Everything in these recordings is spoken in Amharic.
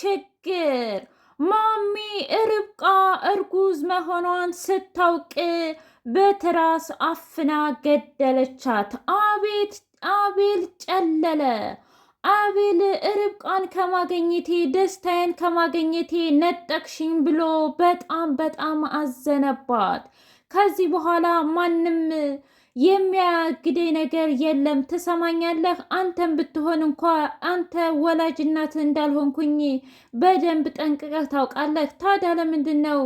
ችግር ማሚ ርብቃ እርጉዝ መሆኗን ስታውቅ በትራስ አፍና ገደለቻት። አቤት አቤል ጨለለ። አቤል ርብቃን ከማገኘቴ ደስታዬን ከማገኘቴ ነጠቅሽኝ ብሎ በጣም በጣም አዘነባት። ከዚህ በኋላ ማንም የሚያግደኝ ነገር የለም። ትሰማኛለህ? አንተን ብትሆን እንኳ አንተ ወላጅ እናት እንዳልሆንኩኝ በደንብ ጠንቅቀህ ታውቃለህ። ታዲያ ለምንድን ነው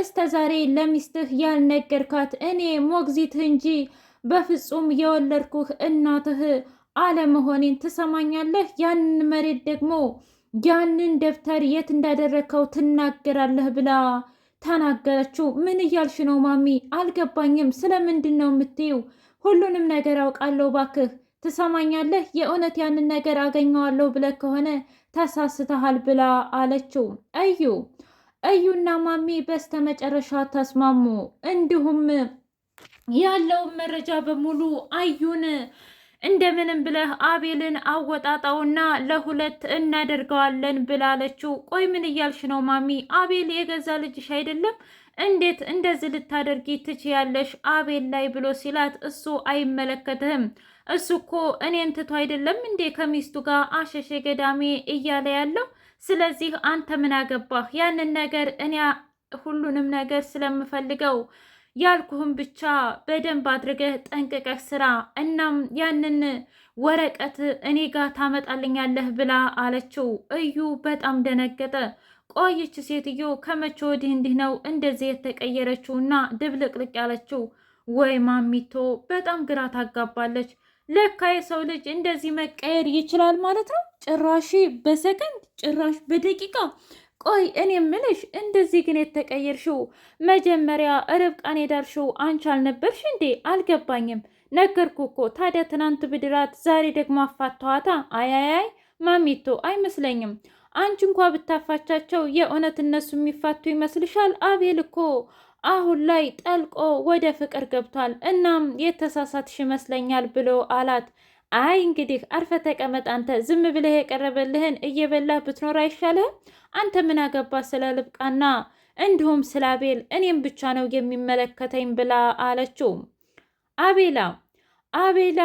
እስከ ዛሬ ለሚስትህ ያልነገርካት? እኔ ሞግዚትህ እንጂ በፍጹም የወለድኩህ እናትህ አለመሆኔን ትሰማኛለህ? ያንን መሬት ደግሞ ያንን ደብተር የት እንዳደረግከው ትናገራለህ ብላ ተናገረችው። ምን እያልሽ ነው ማሚ? አልገባኝም። ስለምንድን ነው የምትይው? ሁሉንም ነገር አውቃለሁ። ባክህ ትሰማኛለህ? የእውነት ያንን ነገር አገኘዋለሁ ብለህ ከሆነ ተሳስተሃል ብላ አለችው። እዩ እዩና ማሚ በስተመጨረሻ ተስማሙ። እንዲሁም ያለውን መረጃ በሙሉ አዩን እንደምንም ብለህ አቤልን አወጣጣውና ለሁለት እናደርገዋለን ብላለችው። ቆይ ምን እያልሽ ነው ማሚ? አቤል የገዛ ልጅሽ አይደለም እንዴት እንደዚህ ልታደርጊ ትችያለሽ አቤል ላይ ብሎ ሲላት እሱ አይመለከትህም እሱ እኮ እኔን ትቶ አይደለም እንዴ ከሚስቱ ጋር አሸሸ ገዳሜ እያለ ያለው ስለዚህ አንተ ምን አገባህ ያንን ነገር እኔ ሁሉንም ነገር ስለምፈልገው ያልኩህም ብቻ በደንብ አድርገህ ጠንቅቀህ ስራ። እናም ያንን ወረቀት እኔ ጋር ታመጣልኛለህ ብላ አለችው። እዩ በጣም ደነገጠ። ቆይች ሴትዮ ከመቼ ወዲህ እንዲህ ነው እንደዚህ የተቀየረችው እና ድብልቅልቅ ያለችው? ወይ ማሚቶ በጣም ግራ ታጋባለች። ለካ የሰው ልጅ እንደዚህ መቀየር ይችላል ማለት ነው። ጭራሽ በሰከንድ ጭራሽ በደቂቃ ቆይ እኔ ምልሽ እንደዚህ ግን የተቀየርሽው መጀመሪያ ርብቃን የዳርሽው አንቺ አልነበርሽ እንዴ? አልገባኝም። ነገርኩ እኮ ታዲያ ትናንት ብድራት ዛሬ ደግሞ አፋተዋታ። አያያይ ማሚቶ አይመስለኝም አንቺ እንኳ ብታፋቻቸው የእውነት እነሱ የሚፋቱ ይመስልሻል? አቤል እኮ አሁን ላይ ጠልቆ ወደ ፍቅር ገብቷል። እናም የተሳሳትሽ ይመስለኛል ብሎ አላት። አይ እንግዲህ አርፈ ተቀመጥ አንተ። ዝም ብለህ የቀረበልህን እየበላህ ብትኖር አይሻልህም? አንተ ምን አገባ ስለ ልብቃና እንዲሁም ስለ አቤል፣ እኔም ብቻ ነው የሚመለከተኝ ብላ አለችው። አቤላ አቤላ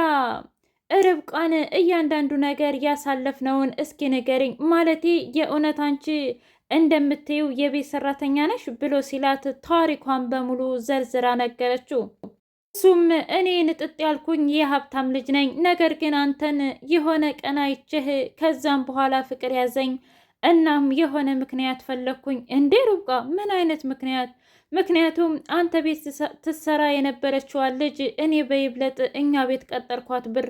ርብቃን እያንዳንዱ ነገር ያሳለፍነውን እስኪ ንገሪኝ፣ ማለቴ የእውነት አንቺ እንደምትይው የቤት ሰራተኛ ነሽ ብሎ ሲላት ታሪኳን በሙሉ ዘርዝራ ነገረችው። እሱም እኔ ንጥጥ ያልኩኝ የሀብታም ልጅ ነኝ፣ ነገር ግን አንተን የሆነ ቀን አይቼህ ከዛም በኋላ ፍቅር ያዘኝ። እናም የሆነ ምክንያት ፈለግኩኝ። እንዴ ርብቃ፣ ምን አይነት ምክንያት? ምክንያቱም አንተ ቤት ትሰራ የነበረችዋን ልጅ እኔ በይብለጥ እኛ ቤት ቀጠርኳት ብር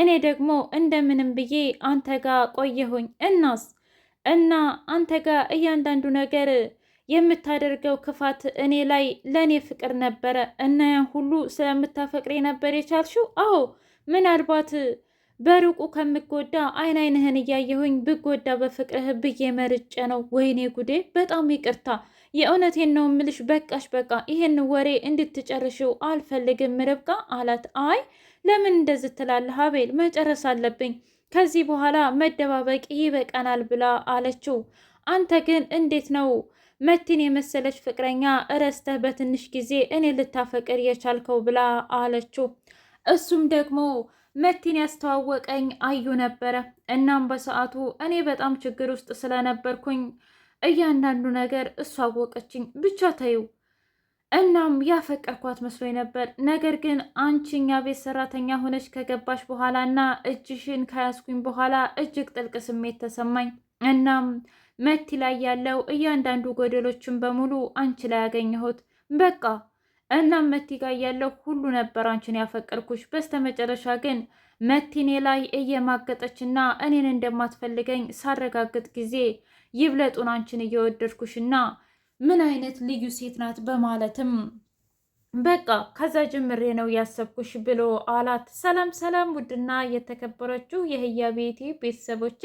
እኔ ደግሞ እንደምንም ብዬ አንተ ጋ ቆየሁኝ። እናስ እና አንተ ጋ እያንዳንዱ ነገር የምታደርገው ክፋት እኔ ላይ ለእኔ ፍቅር ነበረ እና ያን ሁሉ ስለምታፈቅሬ ነበር የቻልሽው? አዎ ምናልባት በሩቁ ከምጎዳ አይን አይንህን እያየሁኝ ብጎዳ በፍቅርህ ብዬ መርጬ ነው። ወይኔ ጉዴ! በጣም ይቅርታ። የእውነቴን ነው ምልሽ። በቃሽ፣ በቃ ይሄን ወሬ እንድትጨርሽው አልፈልግም ርብቃ አላት። አይ ለምን እንደዚህ ትላለህ አቤል? መጨረስ አለብኝ ከዚህ በኋላ መደባበቅ ይበቃናል ብላ አለችው። አንተ ግን እንዴት ነው መቲን የመሰለች ፍቅረኛ እረስተህ በትንሽ ጊዜ እኔ ልታፈቅር የቻልከው ብላ አለችው። እሱም ደግሞ መቲን ያስተዋወቀኝ አዩ ነበረ። እናም በሰዓቱ እኔ በጣም ችግር ውስጥ ስለነበርኩኝ እያንዳንዱ ነገር እሱ አወቀችኝ። ብቻ ተይው እናም ያፈቀርኳት መስሎ ነበር። ነገር ግን አንቺ እኛ ቤት ሰራተኛ ሆነች ከገባሽ በኋላ እና እጅሽን ከያዝኩኝ በኋላ እጅግ ጥልቅ ስሜት ተሰማኝ። እናም መቲ ላይ ያለው እያንዳንዱ ጎደሎችን በሙሉ አንቺ ላይ ያገኘሁት በቃ። እናም መቲ ጋር ያለው ሁሉ ነበር አንቺን ያፈቀርኩሽ። በስተመጨረሻ ግን መቲኔ ላይ እየማገጠችና እኔን እንደማትፈልገኝ ሳረጋግጥ ጊዜ ይብለጡን አንቺን እየወደድኩሽና ምን አይነት ልዩ ሴት ናት በማለትም በቃ ከዛ ጀምሬ ነው ያሰብኩሽ ብሎ አላት። ሰላም ሰላም! ውድና የተከበረችው የህያ ቤቴ ቤተሰቦች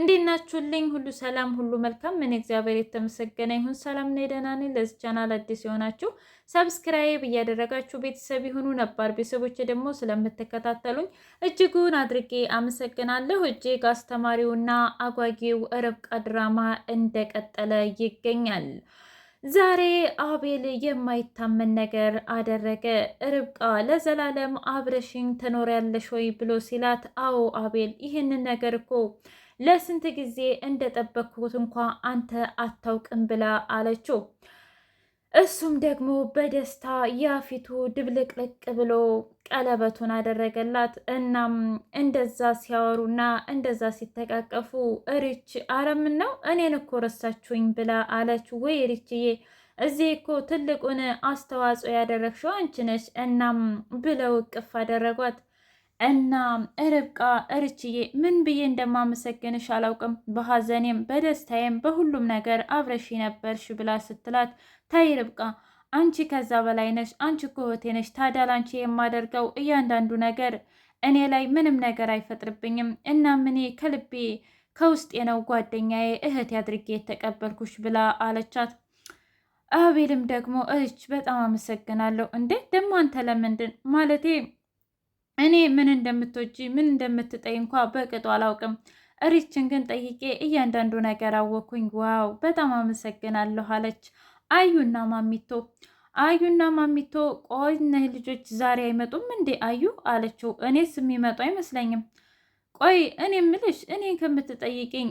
እንዴት ናችሁልኝ? ሁሉ ሰላም፣ ሁሉ መልካም። ምን እግዚአብሔር የተመሰገነ ይሁን። ሰላም ነው፣ ደህና ነኝ። ለዚህ ቻናል አዲስ የሆናችሁ ሰብስክራይብ እያደረጋችሁ ቤተሰብ ይሁኑ። ነባር ቤተሰቦች ደግሞ ስለምትከታተሉኝ እጅጉን አድርጌ አመሰግናለሁ። እጅግ አስተማሪውና አጓጊው ርብቃ ድራማ እንደቀጠለ ይገኛል። ዛሬ አቤል የማይታመን ነገር አደረገ። ርብቃ ለዘላለም አብረሽኝ ትኖሪያለሽ ወይ ብሎ ሲላት፣ አዎ አቤል ይህንን ነገር እኮ ለስንት ጊዜ እንደጠበቅኩት እንኳ አንተ አታውቅም ብላ አለችው። እሱም ደግሞ በደስታ ያፊቱ ድብልቅልቅ ብሎ ቀለበቱን አደረገላት። እናም እንደዛ ሲያወሩና እንደዛ ሲተቃቀፉ እሪች አረምን ነው እኔን እኮ ረሳችሁኝ ብላ አለች። ወይ እሪችዬ እዚህ እኮ ትልቁን አስተዋጽኦ ያደረግሽው አንቺ ነሽ። እናም ብለው እቅፍ አደረጓት። እና ርብቃ እርችዬ ምን ብዬ እንደማመሰግንሽ አላውቅም፣ በሐዘኔም በደስታዬም በሁሉም ነገር አብረሽ ነበርሽ ብላ ስትላት፣ ተይ ርብቃ አንቺ ከዛ በላይ ነሽ፣ አንቺ እኮ እህቴ ነሽ። ታዲያ ላንቺ የማደርገው እያንዳንዱ ነገር እኔ ላይ ምንም ነገር አይፈጥርብኝም። እናም እኔ ከልቤ ከውስጤ ነው ጓደኛዬ እህቴ አድርጌ የተቀበልኩሽ ብላ አለቻት። አቤልም ደግሞ እች በጣም አመሰግናለሁ። እንዴ ደግሞ አንተ ለምንድን ማለቴ እኔ ምን እንደምትወጂ ምን እንደምትጠይ እንኳ በቅጡ አላውቅም። እሪችን ግን ጠይቄ እያንዳንዱ ነገር አወኩኝ። ዋው በጣም አመሰግናለሁ አለች አዩና ማሚቶ። አዩና ማሚቶ ቆይ እነህ ልጆች ዛሬ አይመጡም እንዴ አዩ አለችው። እኔስ የሚመጡ አይመስለኝም። ቆይ እኔ ምልሽ እኔን ከምትጠይቅኝ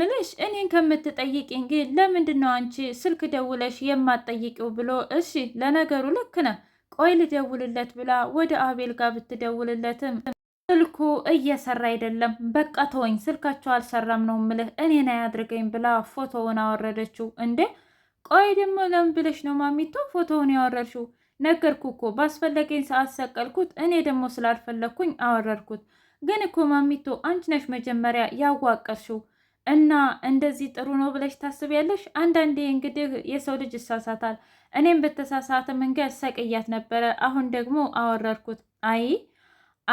ምልሽ እኔን ከምትጠይቅኝ ግን ለምንድን ነው አንቺ ስልክ ደውለሽ የማትጠይቂው ብሎ እሺ ለነገሩ ልክ ነህ ቆይ ልደውልለት ብላ ወደ አቤል ጋር ብትደውልለትም ስልኩ እየሰራ አይደለም። በቃ ተወኝ፣ ስልካቸው አልሰራም ነው ምልህ እኔን አያድርገኝ ብላ ፎቶውን አወረደችው። እንዴ ቆይ ደግሞ ለምን ብለሽ ነው ማሚቶ ፎቶውን ያወረድሽው? ነገርኩ እኮ ባስፈለገኝ ሰዓት ሰቀልኩት። እኔ ደግሞ ስላልፈለግኩኝ አወረድኩት። ግን እኮ ማሚቶ አንቺ ነሽ መጀመሪያ ያዋቀርሽው እና እንደዚህ ጥሩ ነው ብለሽ ታስቢያለሽ? አንዳንዴ እንግዲህ የሰው ልጅ ይሳሳታል። እኔም በተሳሳተ መንገድ ሰቅያት ነበረ። አሁን ደግሞ አወረርኩት። አይ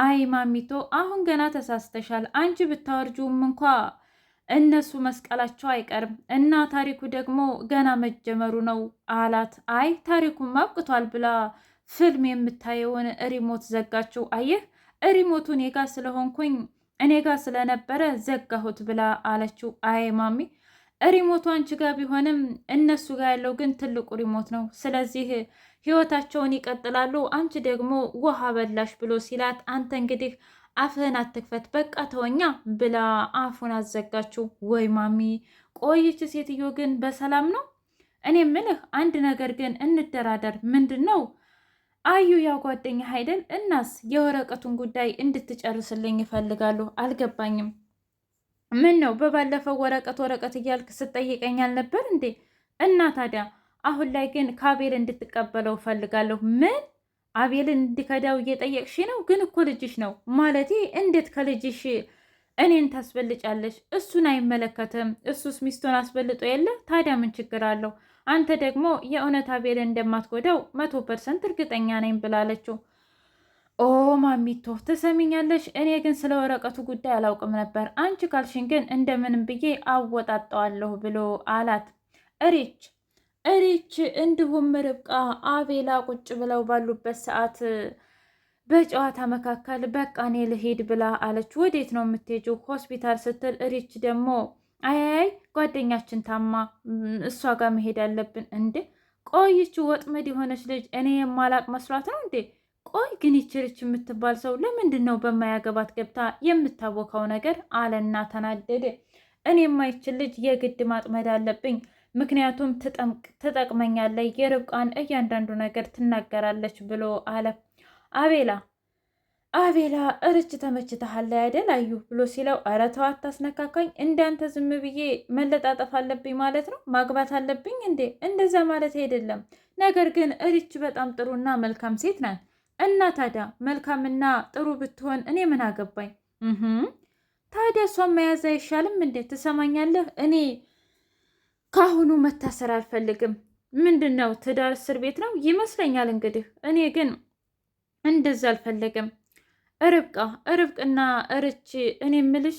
አይ ማሚቶ፣ አሁን ገና ተሳስተሻል። አንቺ ብታወርጂውም እንኳ እነሱ መስቀላቸው አይቀርም እና ታሪኩ ደግሞ ገና መጀመሩ ነው አላት። አይ ታሪኩም ማብቅቷል ብላ ፊልም የምታየውን ሪሞት ዘጋችው። አየህ ሪሞቱን የጋ ስለሆንኩኝ እኔ ጋር ስለነበረ ዘጋሁት ብላ አለችው። አይ ማሚ ሪሞቱ አንቺ ጋር ቢሆንም እነሱ ጋር ያለው ግን ትልቁ ሪሞት ነው። ስለዚህ ህይወታቸውን ይቀጥላሉ። አንቺ ደግሞ ውሃ በላሽ ብሎ ሲላት፣ አንተ እንግዲህ አፍህን አትክፈት በቃ ተወኛ ብላ አፉን አዘጋችው። ወይ ማሚ ቆይች ሴትዮ ግን በሰላም ነው? እኔ ምልህ አንድ ነገር ግን እንደራደር። ምንድን ነው አዩ ያው ጓደኛ ሀይደን እናስ የወረቀቱን ጉዳይ እንድትጨርስልኝ ይፈልጋሉ። አልገባኝም። ምን ነው በባለፈው ወረቀት ወረቀት እያልክ ስጠይቀኝ አልነበር እንዴ? እና ታዲያ አሁን ላይ ግን ከአቤል እንድትቀበለው እፈልጋለሁ። ምን አቤልን እንዲከዳው እየጠየቅሽ ነው? ግን እኮ ልጅሽ ነው ማለቴ። እንዴት ከልጅሽ እኔን ታስበልጫለሽ? እሱን አይመለከትም። እሱስ ሚስቱን አስበልጦ የለ ታዲያ ምን ችግር አለው? አንተ ደግሞ የእውነት አቤልን እንደማትጎደው መቶ ፐርሰንት እርግጠኛ ነኝ ብላለችው። ኦ ማሚቶ ትሰሚኛለሽ፣ እኔ ግን ስለ ወረቀቱ ጉዳይ አላውቅም ነበር። አንቺ ካልሽን ግን እንደምንም ብዬ አወጣጠዋለሁ ብሎ አላት። እሪች እሪች እንዲሁም ርብቃ አቤላ ቁጭ ብለው ባሉበት ሰዓት በጨዋታ መካከል በቃ እኔ ልሄድ ብላ አለች። ወዴት ነው የምትሄጂው? ሆስፒታል ስትል እሪች ደግሞ አይ ጓደኛችን ታማ እሷ ጋር መሄድ አለብን እንዴ? ቆይች ወጥመድ የሆነች ልጅ እኔ የማላቅ መስሏት ነው እንዴ? ቆይ ግን ይችልች የምትባል ሰው ለምንድን ነው በማያገባት ገብታ የምታወካው ነገር አለና ተናደደ። እኔ የማይችል ልጅ የግድ ማጥመድ አለብኝ፣ ምክንያቱም ትጠቅመኛለች፣ የርብቃን እያንዳንዱ ነገር ትናገራለች ብሎ አለ አቤላ አቤላ እርች ተመችተሃል አይደል አዩ ብሎ ሲለው ኧረ ተው አታስነካካኝ እንዳንተ ዝም ብዬ መለጣጠፍ አለብኝ ማለት ነው ማግባት አለብኝ እንዴ እንደዛ ማለት አይደለም ነገር ግን እርች በጣም ጥሩና መልካም ሴት ናት እና ታዲያ መልካምና ጥሩ ብትሆን እኔ ምን አገባኝ ታዲያ እሷን መያዝ አይሻልም እንዴ ትሰማኛለህ እኔ ከአሁኑ መታሰር አልፈልግም ምንድን ነው ትዳር እስር ቤት ነው ይመስለኛል እንግዲህ እኔ ግን እንደዛ አልፈለግም ርብቃ ርብቅና እርች እኔ ምልሽ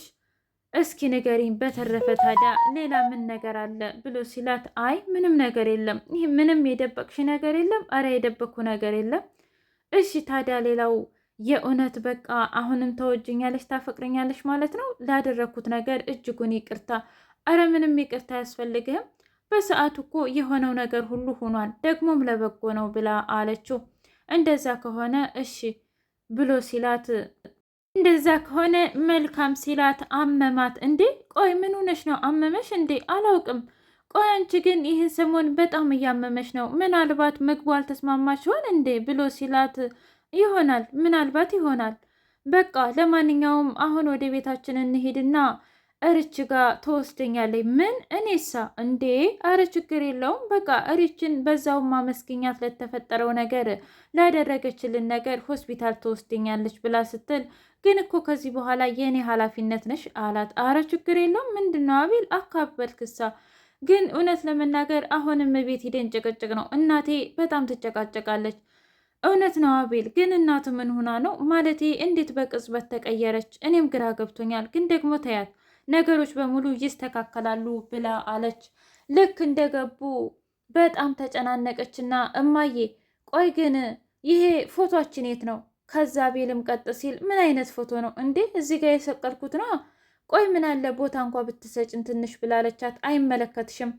እስኪ ንገሪኝ፣ በተረፈ ታዲያ ሌላ ምን ነገር አለ ብሎ ሲላት፣ አይ ምንም ነገር የለም። ይህ ምንም የደበቅሽ ነገር የለም። አረ የደበቅኩ ነገር የለም። እሺ ታዲያ ሌላው የእውነት በቃ አሁንም ተወጅኛለሽ፣ ታፈቅረኛለሽ ማለት ነው። ላደረግኩት ነገር እጅጉን ይቅርታ። አረ ምንም ይቅርታ አያስፈልግህም። በሰዓቱ እኮ የሆነው ነገር ሁሉ ሆኗል፣ ደግሞም ለበጎ ነው ብላ አለችው። እንደዛ ከሆነ እሺ ብሎ ሲላት እንደዛ ከሆነ መልካም ሲላት አመማት። እንዴ ቆይ ምን ሆነሽ ነው? አመመሽ እንዴ? አላውቅም። ቆይ አንቺ ግን ይህን ሰሞን በጣም እያመመሽ ነው፣ ምናልባት ምግቡ አልተስማማሽ ይሆን እንዴ ብሎ ሲላት ይሆናል፣ ምናልባት ይሆናል። በቃ ለማንኛውም አሁን ወደ ቤታችን እንሂድና እርች ጋር ተወስደኛለች። ምን እኔሳ እንዴ? አረ ችግር የለውም በቃ እርችን በዛው ማመስገኛት ለተፈጠረው ነገር ላደረገችልን ነገር ሆስፒታል ተወስደኛለች ብላ ስትል ግን እኮ ከዚህ በኋላ የእኔ ኃላፊነት ነሽ አላት። አረ ችግር የለውም ምንድን ነው አቤል አካበልክሳ ግን እውነት ለመናገር አሁንም ቤት ሂደን ጭቅጭቅ ነው። እናቴ በጣም ትጨቃጨቃለች። እውነት ነው አቤል። ግን እናት ምን ሆና ነው ማለቴ እንዴት በቅጽበት ተቀየረች? እኔም ግራ ገብቶኛል። ግን ደግሞ ተያት ነገሮች በሙሉ ይስተካከላሉ ብላ አለች። ልክ እንደገቡ በጣም ተጨናነቀችና እማዬ፣ ቆይ ግን ይሄ ፎቶችን የት ነው? ከዛ ቤልም ቀጥ ሲል ምን አይነት ፎቶ ነው እንዴ? እዚህ ጋር የሰቀልኩት ነው። ቆይ ምን አለ ቦታ እንኳ ብትሰጭን ትንሽ ብላለቻት። አይመለከትሽም፣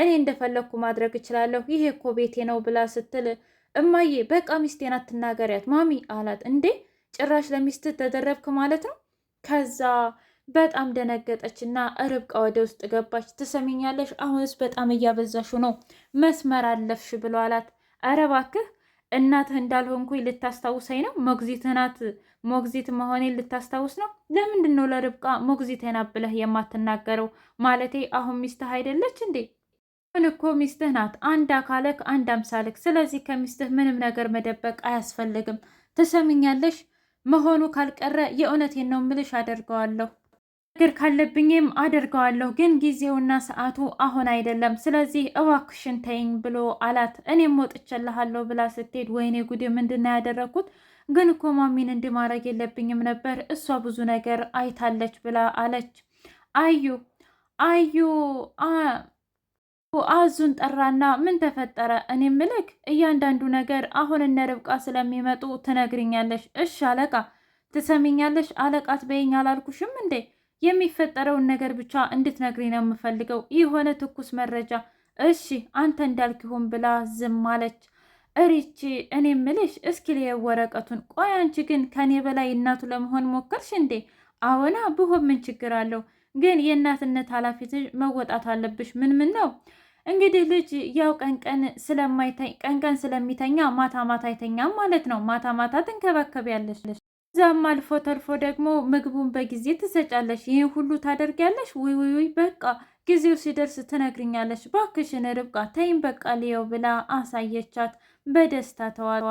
እኔ እንደፈለግኩ ማድረግ እችላለሁ፣ ይሄ እኮ ቤቴ ነው ብላ ስትል እማዬ፣ በቃ ሚስቴን አትናገሪያት ማሚ አላት። እንዴ ጭራሽ ለሚስት ተደረብክ ማለት ነው ከዛ በጣም ደነገጠች እና ርብቃ ወደ ውስጥ ገባች። ትሰሚኛለሽ፣ አሁንስ በጣም እያበዛሹ ነው፣ መስመር አለፍሽ ብሎ አላት። ኧረ እባክህ እናትህ እንዳልሆንኩኝ ልታስታውሰኝ ነው? ሞግዚት ናት ሞግዚት መሆኔን ልታስታውስ ነው? ለምንድን ነው ለርብቃ ሞግዚት ና ብለህ የማትናገረው? ማለቴ አሁን ሚስትህ አይደለች እንዴ? ምን እኮ ሚስትህ ናት፣ አንድ አካለክ አንድ አምሳልክ። ስለዚህ ከሚስትህ ምንም ነገር መደበቅ አያስፈልግም። ትሰሚኛለሽ፣ መሆኑ ካልቀረ የእውነቴን ነው ምልሽ አደርገዋለሁ ነገር ካለብኝም አደርገዋለሁ፣ ግን ጊዜውና ሰዓቱ አሁን አይደለም። ስለዚህ እባክሽን ተይኝ ብሎ አላት። እኔም ወጥቼልሃለሁ ብላ ስትሄድ ወይኔ ጉዴ ምንድን ነው ያደረግኩት? ግን እኮ ማሚን እንዲማረግ የለብኝም ነበር፣ እሷ ብዙ ነገር አይታለች ብላ አለች። አዩ አዩ አዙን ጠራና ምን ተፈጠረ? እኔ ምልክ እያንዳንዱ ነገር አሁን እነ ርብቃ ስለሚመጡ ትነግርኛለሽ። እሽ አለቃ፣ ትሰሚኛለሽ? አለቃት በይኝ አላልኩሽም እንዴ? የሚፈጠረውን ነገር ብቻ እንድትነግሪኝ ነው የምፈልገው፣ የሆነ ትኩስ መረጃ። እሺ አንተ እንዳልክሁን ብላ ዝም አለች። እሪቺ እኔ ምልሽ እስኪ ልየው ወረቀቱን። ቆይ አንቺ ግን ከኔ በላይ እናቱ ለመሆን ሞከርሽ እንዴ? አዎና ብሆን ምን ችግር አለው? ግን የእናትነት ኃላፊት መወጣት አለብሽ። ምን ምን ነው እንግዲህ ልጅ ያው ቀንቀን ስለማይተኝ ቀንቀን ስለሚተኛ ማታ ማታ አይተኛም ማለት ነው። ማታ ማታ ትንከባከቢያለሽ። ከዛም አልፎ ተርፎ ደግሞ ምግቡን በጊዜ ትሰጫለሽ፣ ይህን ሁሉ ታደርጊያለሽ። ውይ ውይ ውይ፣ በቃ ጊዜው ሲደርስ ትነግርኛለሽ። ባክሽን ርብቃ ተይም በቃ ልየው ብላ አሳየቻት። በደስታ ተዋል።